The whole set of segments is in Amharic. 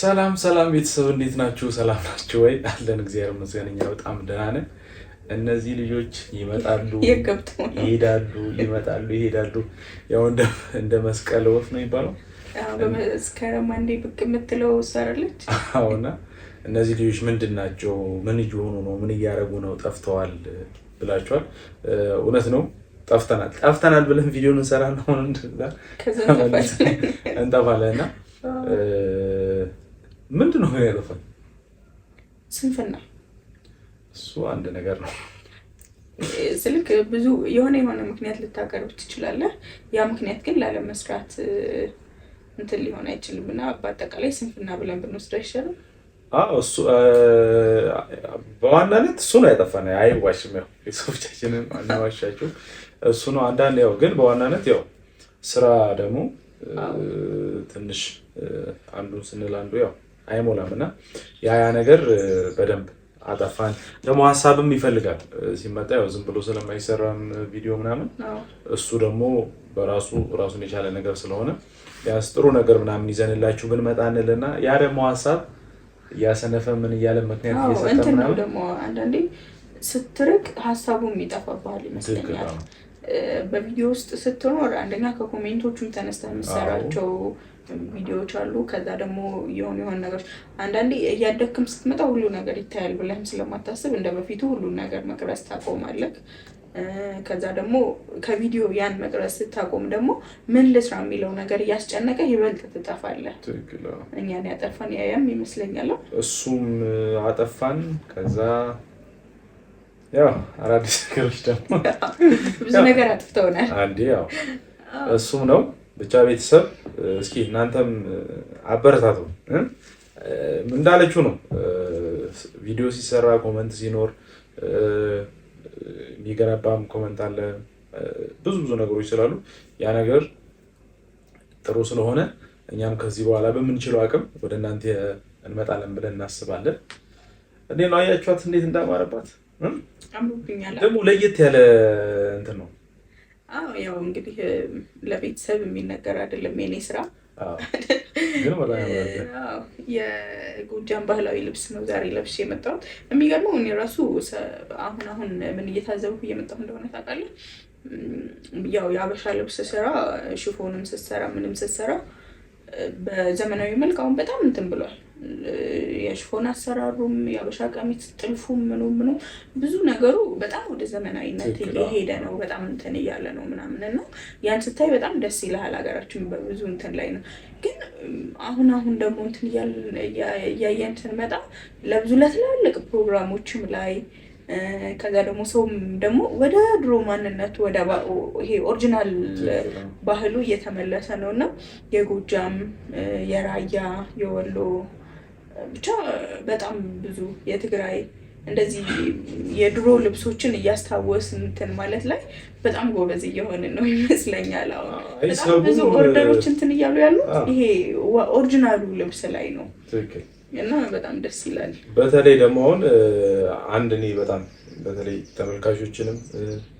ሰላም ሰላም ቤተሰብ እንዴት ናችሁ? ሰላም ናችሁ ወይ? አለን። እግዚአብሔር ይመስገን እኛ በጣም ደህና ነን። እነዚህ ልጆች ይመጣሉ ይሄዳሉ፣ ይመጣሉ ይሄዳሉ። ያው እንደ መስቀል ወፍ ነው የሚባለው። በመስከረም አንዴ ብቅ የምትለው ሰራለች። አዎና እነዚህ ልጆች ምንድን ናቸው? ምን እየሆኑ ነው? ምን እያደረጉ ነው? ጠፍተዋል ብላችኋል። እውነት ነው ጠፍተናል። ጠፍተናል ብለን ቪዲዮን እንሰራ ነው እንጠፋለን እና ምንድን ነው ያለፈን? ስንፍና እሱ አንድ ነገር ነው። ስልክ ብዙ የሆነ የሆነ ምክንያት ልታቀርብ ትችላለህ። ያ ምክንያት ግን ላለመስራት እንትን ሊሆን አይችልም እና በአጠቃላይ ስንፍና ብለን ብንወስድ አይሻልም? በዋናነት እሱ ነው ያጠፋን። አይዋሽም፣ ያው ቤተሰቦቻችንን አናዋሻቸው እሱ ነው። አንዳንድ ያው ግን በዋናነት ያው ስራ ደግሞ ትንሽ አንዱን ስንል አንዱ ያው አይሞላም። እና ያ ነገር በደንብ አጠፋን። ደግሞ ሀሳብም ይፈልጋል ሲመጣ ያው ዝም ብሎ ስለማይሰራም ቪዲዮ ምናምን እሱ ደግሞ በራሱ ራሱን የቻለ ነገር ስለሆነ ቢያንስ ጥሩ ነገር ምናምን ይዘንላችሁ ብንመጣ እንልና ያ ደግሞ ሀሳብ እያሰነፈ ምን እያለ ምክንያት እየሰጠ ምናምን ደግሞ አንዳንዴ ስትርቅ ሀሳቡም ይጠፋብሃል ይመስለኛል። በቪዲዮ ውስጥ ስትኖር አንደኛ ከኮሜንቶቹም ተነስተ የምሰራቸው ቪዲዮዎች አሉ። ከዛ ደግሞ የሆኑ የሆኑ ነገሮች አንዳንዴ እያደግክም ስትመጣ ሁሉ ነገር ይታያል ብለህም ስለማታስብ እንደ በፊቱ ሁሉን ነገር መቅረስ ታቆማለህ። ከዛ ደግሞ ከቪዲዮ ያን መቅረጽ ስታቆም ደግሞ ምን ልስራ የሚለው ነገር እያስጨነቀ ይበልጥ ትጠፋለህ። እኛን ያጠፋን ያያም ይመስለኛል። እሱም አጠፋን። ከዛ ያው አዳዲስ ነገሮች ደግሞ ብዙ ነገር አጥፍተውናል። አንዴ ያው እሱም ነው ብቻ ቤተሰብ እስኪ እናንተም አበረታቱ። እንዳለችው ነው ቪዲዮ ሲሰራ ኮመንት ሲኖር የሚገነባም ኮመንት አለ። ብዙ ብዙ ነገሮች ስላሉ ያ ነገር ጥሩ ስለሆነ እኛም ከዚህ በኋላ በምንችለው አቅም ወደ እናንተ እንመጣለን ብለን እናስባለን። እንዴት ነው አያችኋት? እንዴት እንዳማረባት ደግሞ ለየት ያለ እንትን ነው አዎ ያው እንግዲህ ለቤተሰብ የሚነገር አይደለም የኔ ስራ። የጎጃም ባህላዊ ልብስ ነው ዛሬ ለብስ የመጣሁት። የሚገርመው እኔ ራሱ አሁን አሁን ምን እየታዘብኩ እየመጣሁ እንደሆነ ታውቃለህ። ያው የአበሻ ልብስ ስራ ሽፎንም ስትሰራ ምንም ስትሰራ በዘመናዊ መልክ አሁን በጣም እንትን ብሏል። የሽፎን አሰራሩም የአበሻ ቀሚስ ጥልፉም ምኑ ምኑ ብዙ ነገሩ በጣም ወደ ዘመናዊነት የሄደ ነው። በጣም እንትን እያለ ነው ምናምን ነው። ያን ስታይ በጣም ደስ ይልሃል። ሀገራችን በብዙ እንትን ላይ ነው። ግን አሁን አሁን ደግሞ እንትን እያየን ስንመጣ ለብዙ ለትላልቅ ፕሮግራሞችም ላይ ከዛ ደግሞ ሰውም ደግሞ ወደ ድሮ ማንነቱ ወደ ይሄ ኦሪጂናል ባህሉ እየተመለሰ ነው እና የጎጃም፣ የራያ፣ የወሎ ብቻ በጣም ብዙ የትግራይ እንደዚህ የድሮ ልብሶችን እያስታወስ እንትን ማለት ላይ በጣም ጎበዝ እየሆን ነው ይመስለኛል። በጣም ብዙ ኦርደሮች እንትን እያሉ ያሉት ይሄ ኦሪጂናሉ ልብስ ላይ ነው። እና በጣም ደስ ይላል። በተለይ ደግሞ አሁን አንድ እኔ በጣም በተለይ ተመልካቾችንም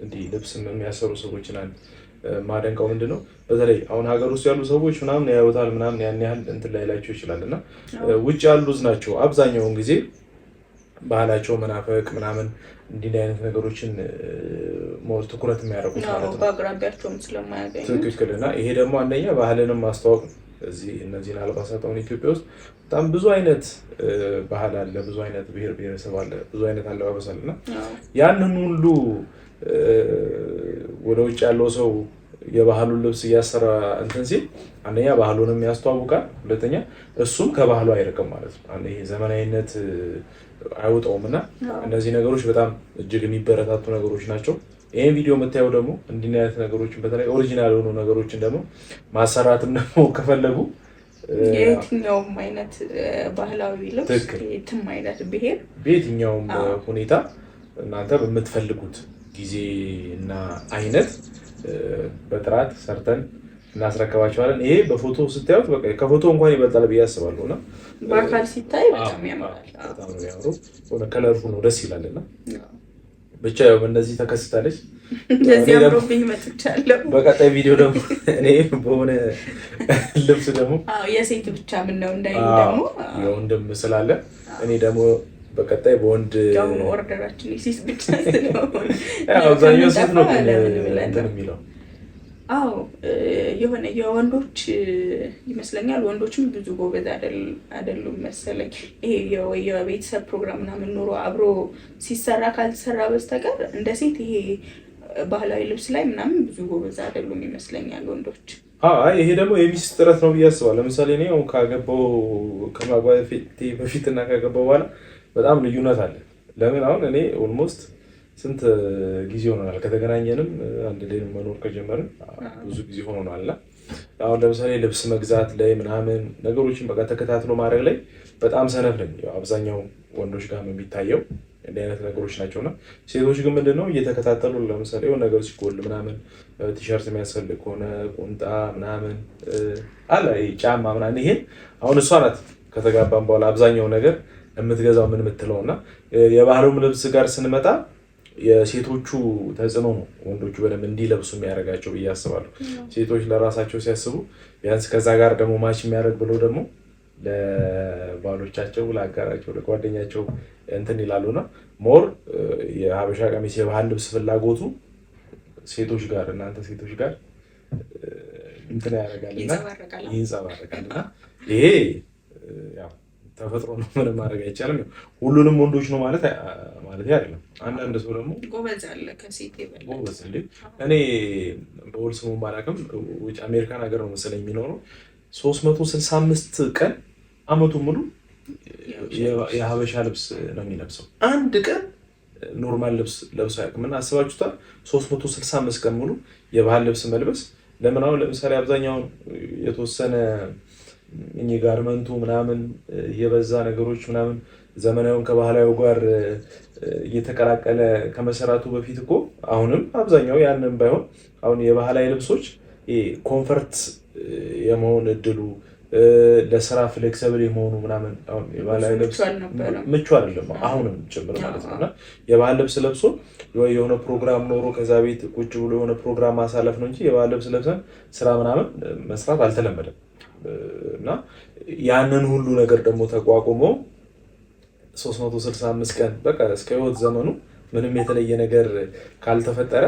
እንዲህ ልብስ የሚያሰሩ ሰዎችን አለ ማደንቀው ምንድን ነው በተለይ አሁን ሀገር ውስጥ ያሉ ሰዎች ምናምን ያዩታል ምናምን ያን ያህል እንትን ላይላቸው ይችላል እና ውጭ ያሉት ናቸው አብዛኛውን ጊዜ ባህላቸው መናፈቅ ምናምን እንዲህ አይነት ነገሮችን ሞር ትኩረት የሚያደርጉት ማለት ነው። ትክክል እና ይሄ ደግሞ አንደኛ ባህልንም ማስተዋወቅ ነው እዚህ እነዚህን አልባሳት አሁን ኢትዮጵያ ውስጥ በጣም ብዙ አይነት ባህል አለ፣ ብዙ አይነት ብሔር ብሔረሰብ አለ፣ ብዙ አይነት አለባበስ አለ እና ያንን ሁሉ ወደ ውጭ ያለው ሰው የባህሉን ልብስ እያሰራ እንትን ሲል አንደኛ ባህሉንም ያስተዋውቃል፣ ሁለተኛ እሱም ከባህሉ አይርቅም ማለት ነው። ይሄ ዘመናዊነት አይውጠውም እና እነዚህ ነገሮች በጣም እጅግ የሚበረታቱ ነገሮች ናቸው። ይህን ቪዲዮ የምታየው ደግሞ እንዲህ አይነት ነገሮችን በተለይ ኦሪጂናል የሆኑ ነገሮችን ደግሞ ማሰራትም ደግሞ ከፈለጉ የትኛውም አይነት ባህላዊ ልብስ የትም አይነት ብሄር በየትኛውም ሁኔታ እናንተ በምትፈልጉት ጊዜ እና አይነት በጥራት ሰርተን እናስረከባቸዋለን። ይሄ በፎቶ ስታዩት ከፎቶ እንኳን ይበልጣል ብዬ አስባለሁ እና በአካል ሲታይ በጣም ያምራል። ያምሩ ከለርፉ ነው ደስ ይላልና ብቻ ያው እንደዚህ ተከስታለች። እንደዚህ አምሮብኝ መጥቻለሁ። በቀጣይ ቪዲዮ ደግሞ እኔ በሆነ ልብስ ደግሞ የሴት ብቻ ምን ነው እንዳይ ደግሞ የወንድም ስላለ እኔ ደግሞ በቀጣይ በወንድ ኦርደራችን ሴት ብቻ ስለሆነ አብዛኛው ሴት ነው የሚለው አዎ የሆነ የወንዶች ይመስለኛል። ወንዶችም ብዙ ጎበዝ አይደሉም መሰለኝ። ይሄ የቤተሰብ ፕሮግራም ምናምን ኑሮ አብሮ ሲሰራ ካልተሰራ በስተቀር እንደ ሴት ይሄ ባህላዊ ልብስ ላይ ምናምን ብዙ ጎበዝ አይደሉም ይመስለኛል ወንዶች። ይሄ ደግሞ የሚስት ጥረት ነው ብዬ አስባለሁ። ለምሳሌ እኔ አሁን ካገባው በፊትና ካገባው በኋላ በጣም ልዩነት አለ። ለምን አሁን እኔ ኦልሞስት ስንት ጊዜ ሆኖናል ከተገናኘንም አንድ ላይ መኖር ከጀመርን ብዙ ጊዜ ሆኖናል አሁን ለምሳሌ ልብስ መግዛት ላይ ምናምን ነገሮችን በቃ ተከታትሎ ማድረግ ላይ በጣም ሰነፍ ነኝ። አብዛኛው ወንዶች ጋር የሚታየው እንዲህ አይነት ነገሮች ናቸውና ሴቶች ግን ምንድን ነው እየተከታተሉ ለምሳሌ የሆነ ነገር ሲጎል ምናምን ቲሸርት የሚያስፈልግ ከሆነ ቁምጣ ምናምን አለ ጫማ ምናምን ይሄን አሁን እሷ ናት ከተጋባን በኋላ አብዛኛው ነገር የምትገዛው ምን የምትለው እና የባህሉም ልብስ ጋር ስንመጣ የሴቶቹ ተጽዕኖ ነው ወንዶቹ በደንብ እንዲለብሱ የሚያደርጋቸው ብዬ አስባለሁ። ሴቶች ለራሳቸው ሲያስቡ ቢያንስ ከዛ ጋር ደግሞ ማች የሚያደርግ ብለው ደግሞ ለባሎቻቸው፣ ለአጋራቸው፣ ለጓደኛቸው እንትን ይላሉና ሞር የሀበሻ ቀሚስ የባህል ልብስ ፍላጎቱ ሴቶች ጋር እናንተ ሴቶች ጋር እንትን ያደርጋልና ይንጸባረቃልና ይሄ ተፈጥሮ ነው፣ ምንም ማድረግ አይቻልም። ሁሉንም ወንዶች ነው ማለት ማለት አይደለም። አንዳንድ ሰው ደግሞ ጎበዝ አለ ከሴት ጎበዝ። እኔ በወል ስሙን ባላውቅም ውጭ አሜሪካን ሀገር ነው መሰለኝ የሚኖረው ሶስት መቶ ስልሳ አምስት ቀን አመቱ ሙሉ የሀበሻ ልብስ ነው የሚለብሰው። አንድ ቀን ኖርማል ልብስ ለብሶ አያውቅም። እና አስባችሁታል? ሶስት መቶ ስልሳ አምስት ቀን ሙሉ የባህል ልብስ መልበስ ለምን? አሁን ለምሳሌ አብዛኛውን የተወሰነ ጋርመንቱ ምናምን የበዛ ነገሮች ምናምን ዘመናዊውን ከባህላዊ ጋር እየተቀላቀለ ከመሰራቱ በፊት እኮ አሁንም አብዛኛው ያንን ባይሆን አሁን የባህላዊ ልብሶች ኮንፈርት የመሆን እድሉ ለስራ ፍሌክሰብል የመሆኑ ምናምን የባህላዊ ልብስ ምቹ አይደለም፣ አሁንም ጭምር ማለት ነው። እና የባህል ልብስ ለብሶ የሆነ ፕሮግራም ኖሮ ከዛ ቤት ቁጭ ብሎ የሆነ ፕሮግራም ማሳለፍ ነው እንጂ የባህል ልብስ ለብሰን ስራ ምናምን መስራት አልተለመደም። እና ያንን ሁሉ ነገር ደግሞ ተቋቁሞ 365 ቀን በቃ እስከ ህይወት ዘመኑ ምንም የተለየ ነገር ካልተፈጠረ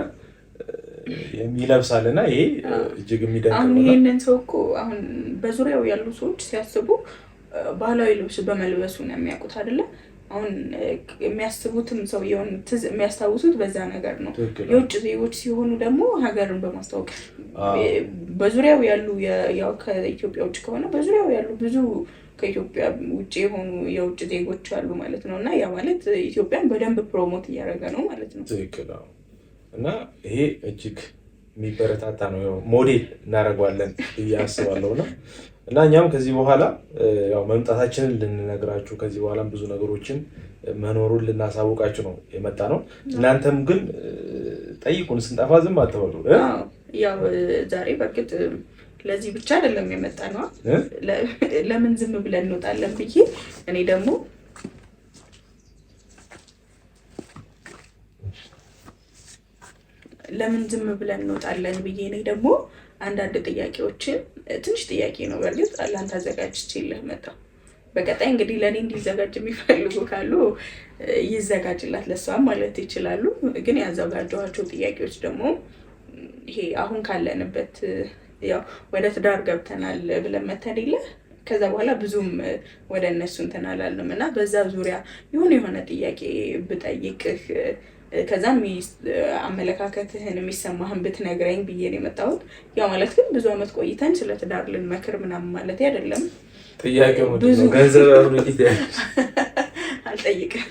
የሚለብሳል እና ይሄ እጅግ የሚደንቅ ነው። ይህንን ሰው እኮ አሁን በዙሪያው ያሉ ሰዎች ሲያስቡ ባህላዊ ልብስ በመልበሱ ነው የሚያውቁት አይደለም አሁን የሚያስቡትም ሰውየውን የሚያስታውሱት በዛ ነገር ነው። የውጭ ዜጎች ሲሆኑ ደግሞ ሀገርን በማስታወቅ በዙሪያው ያሉ ያው ከኢትዮጵያ ውጭ ከሆነ በዙሪያው ያሉ ብዙ ከኢትዮጵያ ውጭ የሆኑ የውጭ ዜጎች አሉ ማለት ነው። እና ያ ማለት ኢትዮጵያን በደንብ ፕሮሞት እያደረገ ነው ማለት ነው። ትክክል እና ይሄ እጅግ የሚበረታታ ነው። ሞዴል እናደርገዋለን ብዬ አስባለሁ ነው እና እኛም ከዚህ በኋላ ያው መምጣታችንን ልንነግራችሁ ከዚህ በኋላም ብዙ ነገሮችን መኖሩን ልናሳውቃችሁ ነው የመጣ ነው። እናንተም ግን ጠይቁን፣ ስንጠፋ ዝም አትበሉ። ያው ዛሬ በእርግጥ ለዚህ ብቻ አይደለም የመጣ ነው። ለምን ዝም ብለን እንወጣለን ብዬ እኔ ደግሞ ለምን ዝም ብለን እንወጣለን ብዬ እኔ ደግሞ አንዳንድ ጥያቄዎችን ትንሽ ጥያቄ ነው በእርግጥ ለአንተ አዘጋጅቼልህ መጣሁ። በቀጣይ እንግዲህ ለእኔ እንዲዘጋጅ የሚፈልጉ ካሉ ይዘጋጅላት ለሷም ማለት ይችላሉ። ግን ያዘጋጀኋቸው ጥያቄዎች ደግሞ ይሄ አሁን ካለንበት ያው ወደ ትዳር ገብተናል ብለን መተን ከዛ በኋላ ብዙም ወደ እነሱ እንትን አላልንም እና በዛ ዙሪያ ይሁን የሆነ ጥያቄ ብጠይቅህ ከዛ አመለካከትህን የሚሰማህን ብትነግረኝ ብዬ ነው የመጣሁት። ያው ማለት ግን ብዙ አመት ቆይተን ስለ ትዳር ልንመክር ምናምን ማለት አይደለም። አልጠይቅህም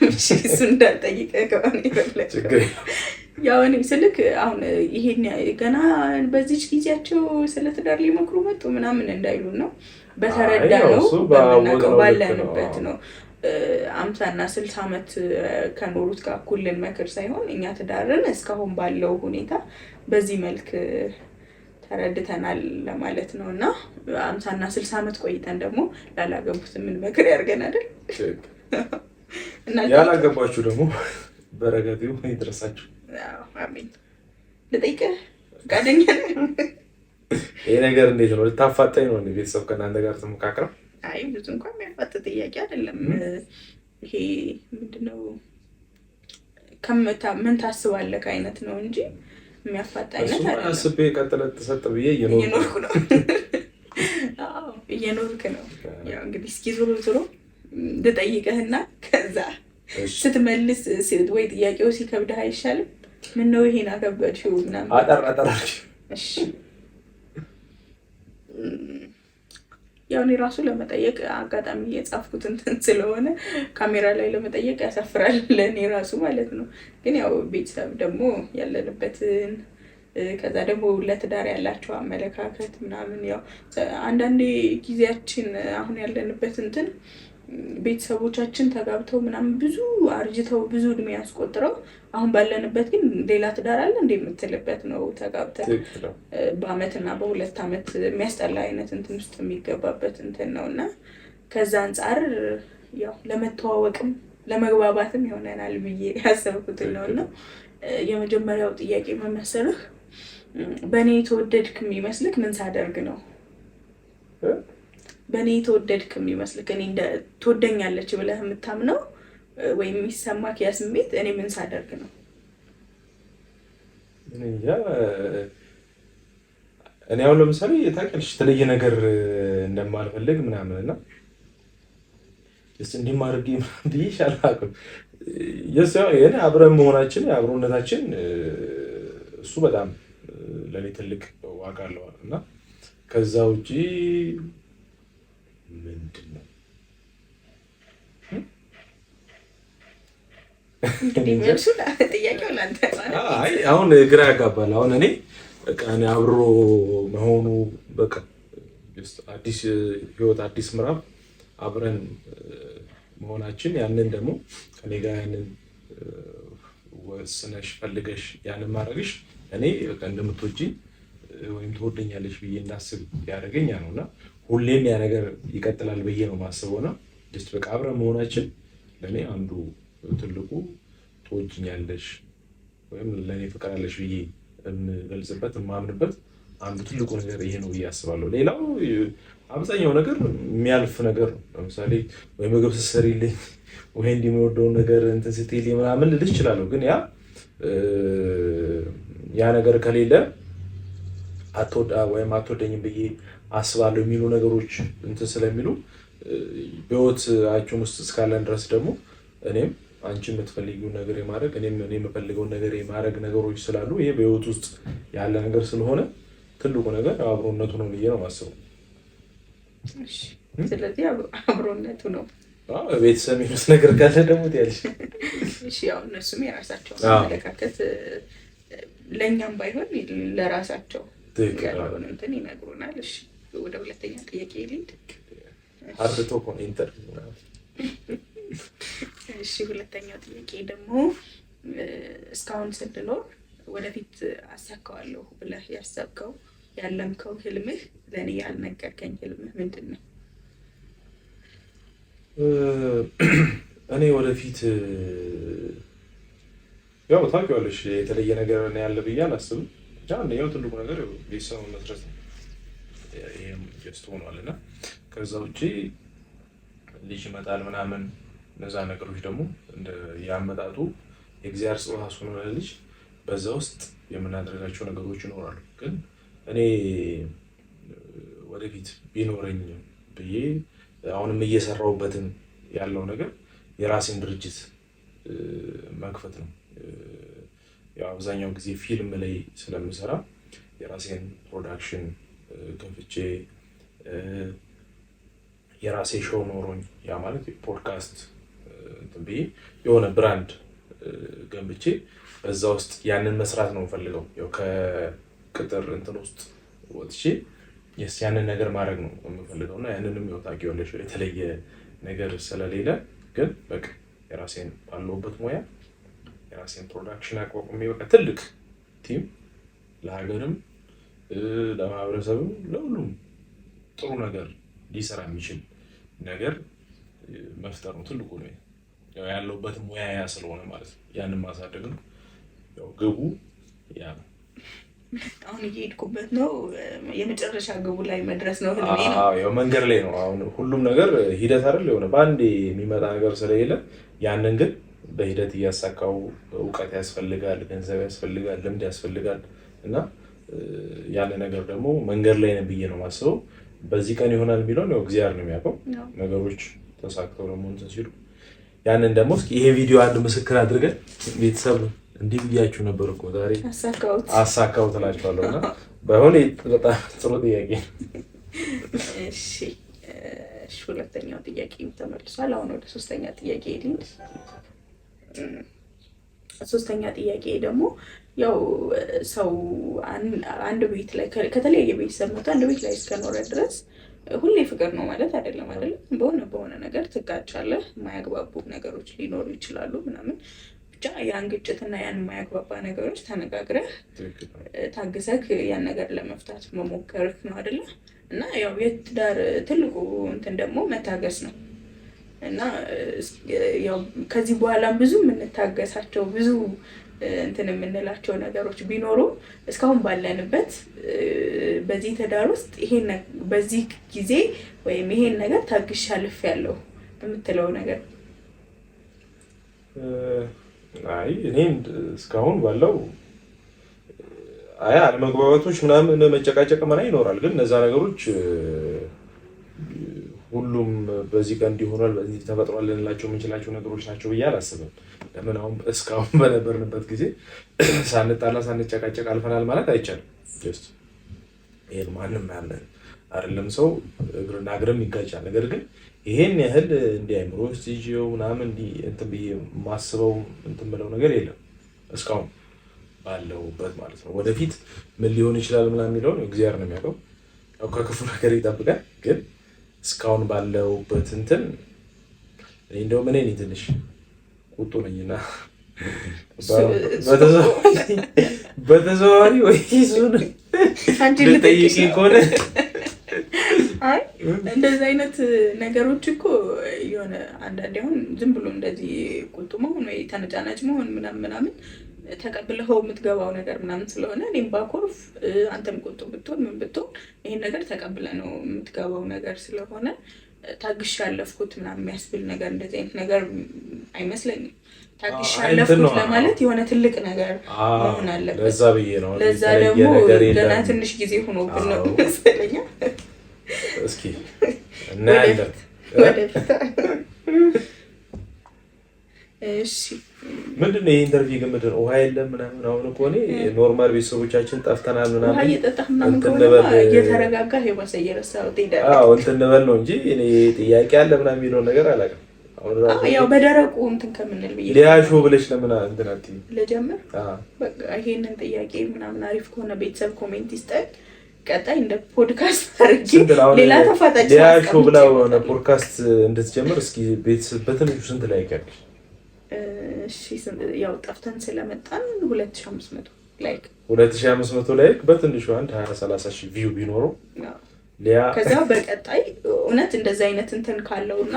እሱ እንዳልጠይቅህ ከሆነ ያው እኔ ስልክ አሁን ይሄን ገና በዚች ጊዜያቸው ስለ ትዳር ሊመክሩ መጡ ምናምን እንዳይሉ ነው። በተረዳ ነው፣ በምናውቀው ባለንበት ነው አምሳና ስልሳ ዓመት ከኖሩት ጋር እኩል ልንመክር ሳይሆን እኛ ትዳርን እስካሁን ባለው ሁኔታ በዚህ መልክ ተረድተናል ለማለት ነው። እና አምሳና ስልሳ ዓመት ቆይተን ደግሞ ላላገቡት የምንመክር ያድርገን አይደል? ያላገባችሁ ደግሞ በረገቢው ይድረሳችሁ። አሜን። ልጠይቅህ ፈቃደኛ ነህ? ይህ ነገር እንዴት ነው? ልታፋጠኝ ነው? ቤተሰብ ከእናንተ ጋር ተመካክረው አይ ብዙ እንኳን የሚያፋጥ ጥያቄ አይደለም። ይሄ ምንድነው ምን ታስባለህ አይነት ነው እንጂ የሚያፋጥ አይነት አስቤ ቀጥለት ተሰጥ ብዬ እየኖርኩ ነው እየኖርክ ነው። ያው እንግዲህ እስኪ ዞሮ ዞሮ ልጠይቅህና ከዛ ስትመልስ ወይ ጥያቄው ሲከብድህ አይሻልም? ምን ነው ይሄን አከበድሽው ምናምን አጠር አጠር ያው እኔ ራሱ ለመጠየቅ አጋጣሚ የጻፍኩት እንትን ስለሆነ ካሜራ ላይ ለመጠየቅ ያሳፍራል ለእኔ ራሱ ማለት ነው። ግን ያው ቤተሰብ ደግሞ ያለንበትን ከዛ ደግሞ ለትዳር ያላቸው አመለካከት ምናምን ያው አንዳንዴ ጊዜያችን አሁን ያለንበት እንትን ቤተሰቦቻችን ተጋብተው ምናምን ብዙ አርጅተው ብዙ እድሜ ያስቆጥረው አሁን ባለንበት ግን ሌላ ትዳር አለ እንደ የምትልበት ነው። በአመት በአመትና በሁለት አመት የሚያስጠላ አይነት እንትን ውስጥ የሚገባበት እንትን ነው እና ከዛ አንጻር ያው ለመተዋወቅም ለመግባባትም ይሆነናል ብዬ ያሰብኩትን ነው እና የመጀመሪያው ጥያቄ መመሰልህ በእኔ የተወደድክ የሚመስልክ ምን ሳደርግ ነው? በእኔ የተወደድክ የሚመስልክ እኔ ትወደኛለች ብለህ የምታምነው ወይም የሚሰማክ ያ ስሜት እኔ ምን ሳደርግ ነው? እኔ አሁን ለምሳሌ ታውቂያለሽ የተለየ ነገር እንደማልፈልግ ምናምን እና እንዲማርግ ብዬ አላውቅም። የኔ አብረን መሆናችን አብሮነታችን እሱ በጣም ለእኔ ትልቅ ዋጋ አለው እና ከዛ ውጪ ምንድን ነው? አሁን ግራ ያጋባል። አሁን እኔ በቃ እኔ አብሮ መሆኑ በቃ አዲስ ህይወት አዲስ ምዕራፍ አብረን መሆናችን ያንን ደግሞ ከኔ ጋር ያንን ወስነሽ ፈልገሽ ያንን ማድረግሽ እኔ በቃ እንደምትወጂኝ ወይም ትወደኛለሽ ብዬ እንዳስብ ያደረገኝ ነው እና ሁሌም ያ ነገር ይቀጥላል ብዬ ነው ማስበው እና ጀስት በቃ አብረን መሆናችን ለእኔ አንዱ ትልቁ ትወጅኛለሽ ወይም ለእኔ ፍቅር አለሽ ብዬ የምገልጽበት የማምንበት አንዱ ትልቁ ነገር ይሄ ነው ብዬ አስባለሁ። ሌላው አብዛኛው ነገር የሚያልፍ ነገር ነው። ለምሳሌ ወይ ምግብ ስትሰሪልኝ ወይ እንዲህ የምወደውን ነገር እንትን ስትይልኝ ምናምን ልል እችላለሁ። ግን ያ ያ ነገር ከሌለ ወይም አትወደኝም ብዬ አስባለሁ የሚሉ ነገሮች እንትን ስለሚሉ አቸውም ውስጥ እስካለን ድረስ ደግሞ እኔም አንቺ የምትፈልጊውን ነገር የማድረግ እኔም እኔ የምፈልገውን ነገር የማድረግ ነገሮች ስላሉ ይሄ በህይወት ውስጥ ያለ ነገር ስለሆነ ትልቁ ነገር አብሮነቱ ነው ብዬ ነው ማስበው ስለዚህ አብሮነቱ ነው። ቤተሰብ የሚሉት ነገር ካለ ደግሞ ያልሽ ያው እነሱም የራሳቸው አመለካከት ለእኛም ባይሆን ለራሳቸው ያለውን እንትን ይነግሩናል። እሺ ወደ ሁለተኛ ጥያቄ ልሂድ። አርቶ እኮ ነው ኢንተርቪው እሺ ሁለተኛው ጥያቄ ደግሞ እስካሁን ስንኖር ወደፊት አሳካዋለሁ ብለህ ያሰብከው ያለምከው ህልምህ፣ ለእኔ ያልነገርከኝ ህልምህ ምንድን ነው? እኔ ወደፊት ያው ታውቂዋለሽ የተለየ ነገር ያለ ብዬ አላስብም። ያው ትልቁ ነገር ቤተሰብ መስረት ነው ይህም ጀስት ሆኗል እና ከዛ ውጭ ልጅ ይመጣል ምናምን እነዛ ነገሮች ደግሞ የአመጣጡ የእግዚአብሔር ጽዋ ስለሆነ ልጅ በዛ ውስጥ የምናደርጋቸው ነገሮች ይኖራሉ። ግን እኔ ወደፊት ቢኖረኝ ብዬ አሁንም እየሰራሁበትን ያለው ነገር የራሴን ድርጅት መክፈት ነው። አብዛኛውን ጊዜ ፊልም ላይ ስለምሰራ የራሴን ፕሮዳክሽን ከፍቼ የራሴ ሾው ኖሮኝ ያ ማለት ፖድካስት እንትን ብዬ የሆነ ብራንድ ገንብቼ በዛ ውስጥ ያንን መስራት ነው ፈልገው ያው ከቅጥር እንትን ውስጥ ወጥቼ የስ ያንን ነገር ማድረግ ነው የምፈልገው እና ያንንም ያው ታውቂዋለሽ የተለየ ነገር ስለሌለ ግን በቃ የራሴን ባለውበት ሙያ የራሴን ፕሮዳክሽን አቋቁሜ በቃ ትልቅ ቲም ለሀገርም ለማህበረሰብም ለሁሉም ጥሩ ነገር ሊሰራ የሚችል ነገር መፍጠር ነው ትልቁ ነው። ያለውበት ሙያያ ስለሆነ ማለት ነው። ያንን ማሳደግ ነው ግቡ። ያ ነው አሁን እየሄድኩበት ነው። የመጨረሻ ግቡ ላይ መድረስ ነው ህልሜ ነው። መንገድ ላይ ነው አሁን ሁሉም ነገር ሂደት አይደል የሆነ በአንዴ የሚመጣ ነገር ስለሌለ ያንን ግን በሂደት እያሳካው እውቀት ያስፈልጋል፣ ገንዘብ ያስፈልጋል፣ ልምድ ያስፈልጋል እና ያለ ነገር ደግሞ መንገድ ላይ ነው ብዬ ነው ማስበው። በዚህ ቀን ይሆናል የሚለውን ያው እግዚአብሔር ነው የሚያውቀው። ነገሮች ተሳክተው ደግሞ እንትን ሲሉ ያንን ደግሞ እስኪ ይሄ ቪዲዮ አንድ ምስክር አድርገን ቤተሰብ እንዲህ ብያችሁ ነበር እኮ ዛሬ አሳካሁት እላችኋለሁ። እና በሆነ በጣም ጥሩ ጥያቄ ነው። ሁለተኛው ጥያቄ ተመልሷል። አሁን ወደ ሶስተኛ ጥያቄ ልሂድ። ሶስተኛ ጥያቄ ደግሞ ያው ሰው አንድ ቤት ላይ ከተለያየ ቤተሰብ መቶ አንድ ቤት ላይ እስከኖረ ድረስ ሁሌ ፍቅር ነው ማለት አይደለም አይደለም። በሆነ በሆነ ነገር ትጋጫለህ። የማያግባቡ ነገሮች ሊኖሩ ይችላሉ ምናምን ብቻ ያን ግጭትና ያን የማያግባባ ነገሮች ተነጋግረህ ታግሰክ ያን ነገር ለመፍታት መሞከርክ ነው አይደለም። እና ያው የትዳር ትልቁ እንትን ደግሞ መታገስ ነው እና ያው ከዚህ በኋላም ብዙ የምንታገሳቸው ብዙ እንትን የምንላቸው ነገሮች ቢኖሩ እስካሁን ባለንበት በዚህ ትዳር ውስጥ ይሄን በዚህ ጊዜ ወይም ይሄን ነገር ታግሼ ያለው የምትለው ነገር? አይ እኔም እስካሁን ባለው አይ አለመግባባቶች ምናምን መጨቃጨቅ ምናምን ይኖራል፣ ግን እነዛ ነገሮች ሁሉም በዚህ ቀን እንዲሆኗል በዚህ ተፈጥሯል ልንላቸው የምንችላቸው ነገሮች ናቸው ብዬ አላስብም። ለምን አሁን እስካሁን በነበርንበት ጊዜ ሳንጣላ ሳንጨቃጨቅ አልፈናል ማለት አይቻልም። ይህን ማንም ያምን አይደለም። ሰው እግርና እግርም ይጋጫል። ነገር ግን ይሄን ያህል እንዲህ አይምሮ ውስጥ ምናምን እንዲህ እንትን ብዬ ማስበው እንትን ብለው ነገር የለም እስካሁን ባለውበት ማለት ነው። ወደፊት ምን ሊሆን ይችላል ምናምን የሚለውን እግዚአብሔር ነው የሚያውቀው። ከክፉ ነገር ይጠብቃል ግን እስካሁን ባለውበት እንትን እንደውም እኔ እኔ ትንሽ ቁጡ ነኝና በተዘዋዋሪ ወይ እሱን ልጠይቅ ከሆነ እንደዚህ አይነት ነገሮች እኮ የሆነ አንዳንዴ አሁን ዝም ብሎ እንደዚህ ቁጡ መሆን ወይ ተነጫናጭ መሆን ምናምን ምናምን ተቀብለኸው የምትገባው ነገር ምናምን ስለሆነ እኔም ባኮርፍ አንተም ቁጡ ብትሆን ምን ብትሆን ይህን ነገር ተቀብለ ነው የምትገባው ነገር ስለሆነ ታግሽ ያለፍኩት ምናምን የሚያስብል ነገር እንደዚህ አይነት ነገር አይመስለኝም። ታግሽ ያለፍኩት ለማለት የሆነ ትልቅ ነገር መሆን አለበት። ለዛ ደግሞ ገና ትንሽ ጊዜ ሆኖብን ነው መሰለኛ። እስኪ እናያለን ወደፊት ምንድን ነው ይህ ኢንተርቪው ግምት ነው? ውሃ የለም ምናምን። አሁን እኮ እኔ ኖርማል ቤተሰቦቻችን ጠፍተናል ምናምን እንበል ነው እንጂ እኔ ጥያቄ አለ ምናምን የሚለውን ነገር አላውቅም። ያው በደረቁ እንትን ከምንል ብዬሽ ሊያሾ ብለሽ ለምን እንትን አትይም? በቃ ይሄንን ጥያቄ ምናምን አሪፍ ከሆነ ቤተሰብ ኮሜንት ይስጠል። ቀጣይ እንደ ፖድካስት አድርጊ። ሌላ ተፋጣጭ ሊያሾ ብላ ሆነ ፖድካስት እንድትጀምር እስኪ ቤተሰብ በትንሹ ስንት ላይ ይቀርል ያው ጠፍተን ስለመጣን ሁለት ሺህ አምስት መቶ ላይክ ሁለት ሺህ አምስት መቶ ላይክ በትንሹ አንድ ሀያ ሰላሳ ሺህ ቪው ቢኖረው ከዛ በቀጣይ እውነት እንደዚህ አይነት እንትን ካለው እና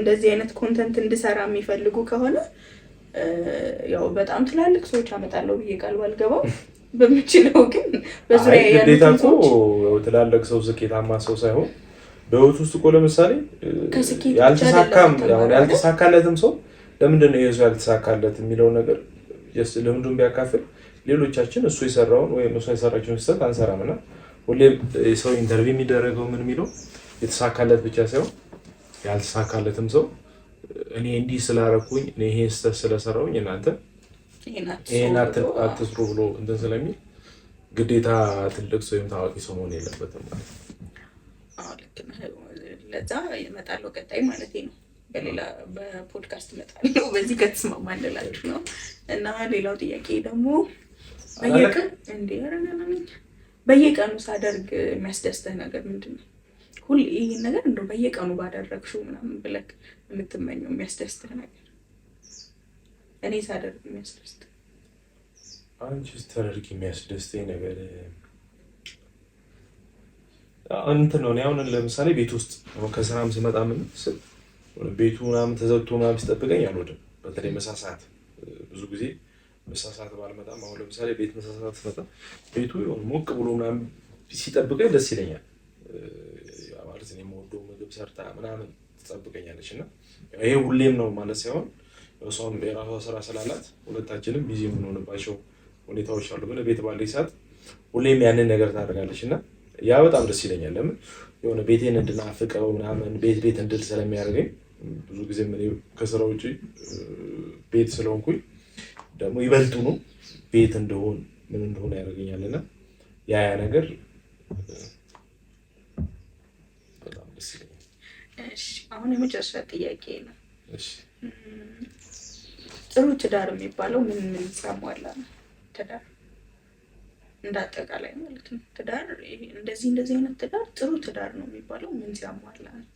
እንደዚህ አይነት ኮንተንት እንድሰራ የሚፈልጉ ከሆነ ያው በጣም ትላልቅ ሰዎች አመጣለሁ ብዬ ቃል ባልገባው በምችለው ግን በዙሪያ ትላልቅ ሰው ስኬታማ ሰው ሳይሆን በህይወት ውስጥ እኮ ለምሳሌ ያልተሳካለትም ሰው ለምንድን ነው ያልተሳካለት የሚለው ነገር ልምዱን ቢያካፍል ሌሎቻችን እሱ የሰራውን ወይም እሱ የሰራችውን ስህተት አንሰራም እና ሁሌም የሰው ኢንተርቪው የሚደረገው ምን የሚለው የተሳካለት ብቻ ሳይሆን ያልተሳካለትም ሰው እኔ እንዲህ ስላረኩኝ ይሄ ይሄን ስህተት ስለሰራውኝ እናንተ ይሄን አትስሩ ብሎ እንትን ስለሚል ግዴታ ትልቅ ሰው ወይም ታዋቂ ሰው መሆን የለበትም ማለት ነው። ልክ ለዛ እመጣለሁ። ቀጣይ ማለት ነው በሌላ በፖድካስት እመጣለሁ። በዚህ ከተስማማ እንላችሁ ነው እና ሌላው ጥያቄ ደግሞ በየቀን እንዲ በየቀኑ ሳደርግ የሚያስደስተህ ነገር ምንድን ነው? ሁሌ ይህን ነገር እንደው በየቀኑ ባደረግሽው ምናምን ብለህ የምትመኘው የሚያስደስትህ ነገር እኔ ሳደርግ የሚያስደስት አንቺ ስታደርግ የሚያስደስተኝ ነገር እንትን ነው። አሁን ለምሳሌ ቤት ውስጥ አሁን ከስራም ሲመጣ ምን ስል ቤቱ ምናምን ተዘግቶ ምናምን ሲጠብቀኝ አልወድም። በተለይ ምሳ ሰዓት ብዙ ጊዜ ምሳ ሰዓት ባልመጣም አሁን ለምሳሌ ቤት ምሳ ሰዓት ስመጣ ቤቱ ሞቅ ብሎ ምናምን ሲጠብቀኝ ደስ ይለኛል። ማለት እኔ የምወደው ምግብ ሰርታ ምናምን ትጠብቀኛለች እና ይሄ ሁሌም ነው ማለት ሳይሆን እሷም የራሷ ስራ ስላላት ሁለታችንም ቢዚ የምንሆንባቸው ሁኔታዎች አሉ። ግን ቤት ባለ ሰዓት ሁሌም ያንን ነገር ታደርጋለች እና ያ በጣም ደስ ይለኛል። ለምን የሆነ ቤቴን እንድናፍቀው ምናምን ቤት ቤት እንድል ስለሚያደርገኝ ብዙ ጊዜ ከስራ ውጭ ቤት ስለሆንኩኝ ደግሞ ይበልጡ ነው ቤት እንደሆን ምን እንደሆነ ያደርገኛል ያ ያ ነገር በጣም ደስ ይለኛል። አሁን የመጨረሻ ጥያቄ ነው። ጥሩ ትዳር የሚባለው ምን ምን ይሟላ ነው ትዳር እንዳጠቃላይ ማለት ነው። ትዳር እንደዚህ እንደዚህ አይነት ትዳር ጥሩ ትዳር ነው የሚባለው ምን ሲያሟላ ነው?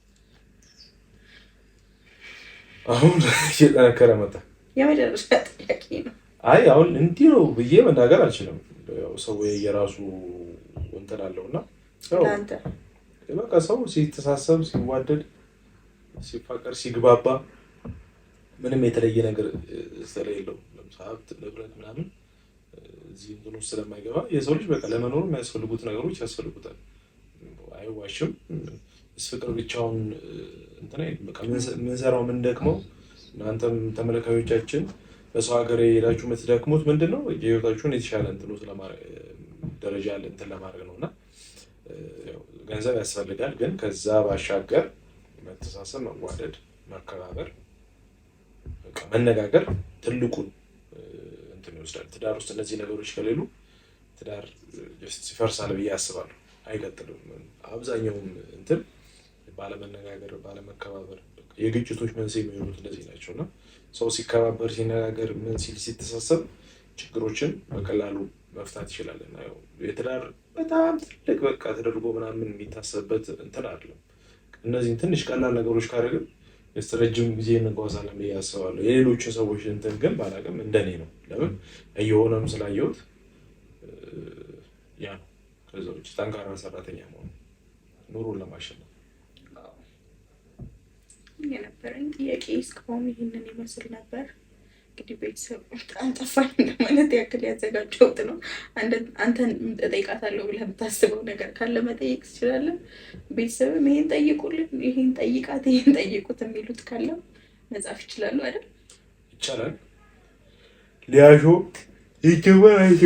አሁን እየጠነከረ መጣ። የመጨረሻ ጥያቄ ነው። አይ አሁን እንዲህ ነው ብዬ መናገር አልችልም። ሰው የራሱ እንትን አለው እና በቃ ሰው ሲተሳሰብ፣ ሲዋደድ፣ ሲፋቀር፣ ሲግባባ ምንም የተለየ ነገር ስለሌለው ሀብት ንብረት ምናምን እዚህ ውስጥ ስለማይገባ የሰው ልጅ በቃ ለመኖር የሚያስፈልጉት ነገሮች ያስፈልጉታል። አይዋሽም። ፍቅር ብቻውን እንትን ምንሰራው ምንደክመው እናንተም ተመልካዮቻችን በሰው ሀገር የሄዳችሁ የምትደክሙት ምንድን ነው? የህይወታችሁን የተሻለ እንትኑ ደረጃ እንትን ለማድረግ ነው እና ገንዘብ ያስፈልጋል። ግን ከዛ ባሻገር መተሳሰብ፣ መዋደድ፣ መከባበር፣ መነጋገር ትልቁን እንትን ይወስዳል። ትዳር ውስጥ እነዚህ ነገሮች ከሌሉ ትዳር ይፈርሳል ብዬ አስባለሁ። አይቀጥልም። አብዛኛውም እንትን ባለመነጋገር፣ ባለመከባበር የግጭቶች መንስኤ የሚሆኑት እነዚህ ናቸው እና ሰው ሲከባበር፣ ሲነጋገር፣ ምን ሲል ሲተሳሰብ ችግሮችን በቀላሉ መፍታት ይችላል። እና ያው የትዳር በጣም ትልቅ በቃ ተደርጎ ምናምን የሚታሰብበት እንትን አይደለም። እነዚህን ትንሽ ቀላል ነገሮች ካደረግን ረጅም ጊዜ እንጓዛለን ብዬ አስባለሁ። የሌሎችን ሰዎች እንትን ግን ባላቅም እንደኔ ነው። ለምን እየሆነም ስላየሁት ያ ነው። ከዛ ውጭ ጠንካራ ሰራተኛ መሆኑ ኑሮን ለማሸነፍ የነበረኝ ጥያቄ እስካሁን ይህንን ይመስል ነበር። እንግዲህ ቤተሰብ አንጠፋኝ ለማለት ያክል ያዘጋጀሁት ነው። አንተን አለው ብለህ የምታስበው ነገር ካለ መጠየቅ ትችላለን። ቤተሰብም ይሄን ጠይቁልን፣ ይሄን ጠይቃት፣ ይሄን ጠይቁት የሚሉት ካለ መጻፍ ይችላሉ አይደል? ይቻላል። ሊያሾ ይጀመራል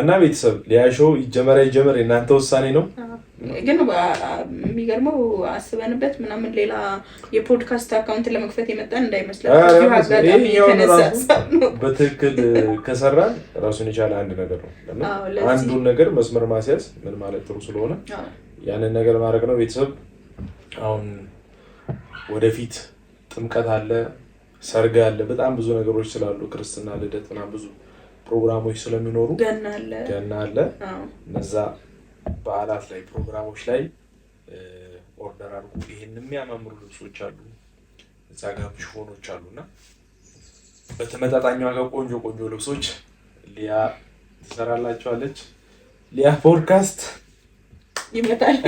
እና ቤተሰብ ሊያሾ ይጀመራ ይጀመር የእናንተ ውሳኔ ነው። ግን የሚገርመው አስበንበት ምናምን ሌላ የፖድካስት አካውንት ለመክፈት የመጣን እንዳይመስላችሁ። በትክክል ከሰራ ራሱን የቻለ አንድ ነገር ነው። አንዱን ነገር መስመር ማስያዝ ምን ማለት ጥሩ ስለሆነ ያንን ነገር ማድረግ ነው። ቤተሰብ አሁን ወደፊት ጥምቀት አለ፣ ሰርግ አለ፣ በጣም ብዙ ነገሮች ስላሉ ክርስትና፣ ልደት፣ በጣም ብዙ ፕሮግራሞች ስለሚኖሩ ገና አለ እነዛ በዓላት ላይ ፕሮግራሞች ላይ ኦርደር አድርጉ። ይህን የሚያማምሩ ልብሶች አሉ፣ እዛ ጋር ሽፎኖች አሉ እና በተመጣጣኝ ዋጋ ቆንጆ ቆንጆ ልብሶች ሊያ ትሰራላቸዋለች። ሊያ ፖድካስት ይመጣል።